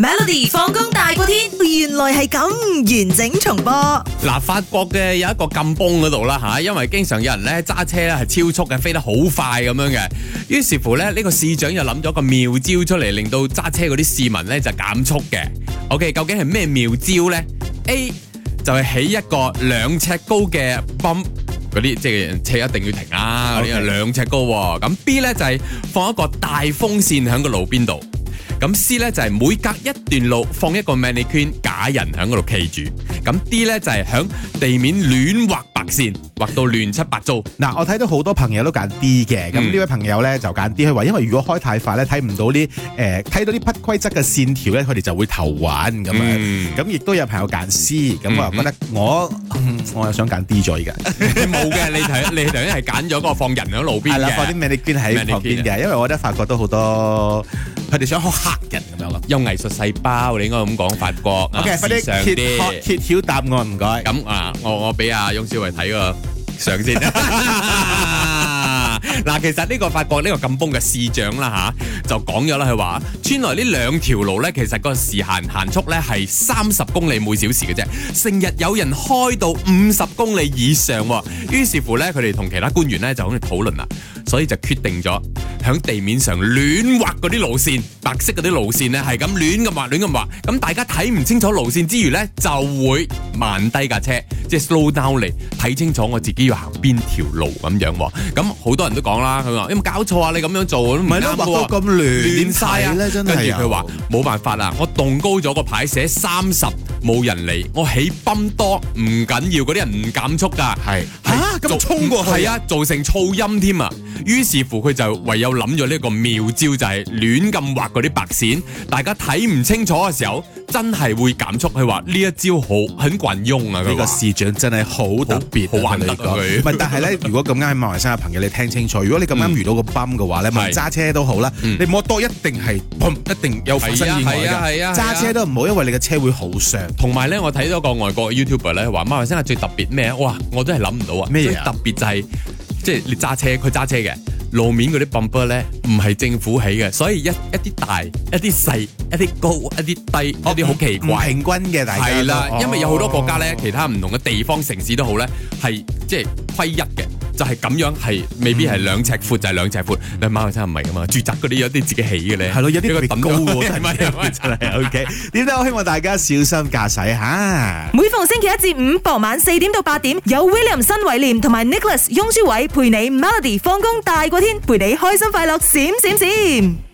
Melody 放工大過天，原來係咁完整重播。嗱、啊，法國嘅有一個 Kampung 嗰度啦吓，因為經常有人咧揸車咧係超速嘅，飛得好快咁樣嘅。於是乎咧，呢、這個市長又諗咗個妙招出嚟，令到揸車嗰啲市民咧就減速嘅。OK，究竟係咩妙招咧？A 就係起一個兩尺高嘅泵，嗰啲即係車一定要停啊，兩尺 Okay. 高、啊。咁 B 咧就係、是、放一個大風扇喺個路邊度。咁 C 咧就係每隔一段路放一個 mannequin 假人喺嗰度企住，咁 D 咧就係響地面亂畫白線，畫到亂七八糟。嗱、嗯，我睇到好多朋友都揀 D 嘅，咁呢位朋友咧就揀 D，佢話因為如果開太快咧睇唔到啲誒睇到啲不規則嘅線條咧，佢哋就會頭暈咁樣。咁亦都有朋友揀 C，咁我又覺得我嗯嗯我又想揀 D 咗依家。你冇嘅，你睇你頭先係揀咗嗰個放人喺路邊嘅、啊，放啲 mannequin 喺旁邊嘅，ic 因為我覺得發覺都好多。佢哋想好嚇人咁樣咯，有藝術細胞，你應該咁講法國。OK，快啲揭曉答案，唔該。咁啊，我我俾阿翁小維睇個相先。嗱、 啊，其實呢個法國呢個 Kampung 嘅市長啦吓，就講咗啦，佢話村內呢兩條路咧，其實個時限限速咧係三十公里每小時嘅啫，成日有人開到五十公里以上喎。於是乎咧，佢哋同其他官員咧就開始討論啦，所以就決定咗。喺地面上亂畫嗰啲路線，白色嗰啲路線咧係咁亂咁畫，亂咁畫，咁大家睇唔清楚路線之餘咧，就會慢低架車，即係 slow down 嚟睇清楚我自己要行邊條路咁樣。咁好多人都講啦，佢話有冇搞錯啊？你咁樣做我都唔啱喎。咁亂點曬咧？真係跟住佢話冇辦法啦，我動高咗個牌寫三十，冇人嚟，我起泵多唔緊要，嗰啲人唔減速㗎。係是是、啊咁做、嗯、衝過去係啊，造成噪音添啊，於是乎佢就唯有諗咗呢個妙招，就係、是、亂咁畫嗰啲白線，大家睇唔清楚嘅時候。真係會減速，佢話呢一招好很管用啊！呢個市長真係好特別，好難得佢。唔係，但係咧，如果咁啱喺馬來西亞朋友，你聽清楚。如果你咁啱遇到個崩嘅話咧，咪揸車都好啦，你摸多一定係一定有發生意外嘅。揸車都唔好，因為你嘅車會好傷。同埋咧，我睇到個外國 YouTuber 咧話馬來西亞最特別咩？哇！我都係諗唔到啊！咩啊？特別就係即係你揸車，佢揸車嘅。路面嗰啲泵波 m 咧，唔係政府起嘅，所以一一啲大、一啲細、一啲高、一啲低、一啲好奇怪，唔平均嘅。大家都係啦，的哦、因為有好多國家咧，哦、其他唔同嘅地方城市都好咧，係。即係規一嘅，就係、是、咁樣，係未必係兩尺闊就係、是、兩尺闊，你馬雲真唔係噶嘛？住宅嗰啲有啲自己起嘅咧，係咯、嗯，有啲高真係的， 真係 OK。點都我希望大家小心駕駛吓？每逢星期一至五傍晚四點到八點，有 William 新偉廉同埋 Nicholas 翁舒偉陪你 Melody 放工大過天，陪你開心快樂閃閃閃。閃閃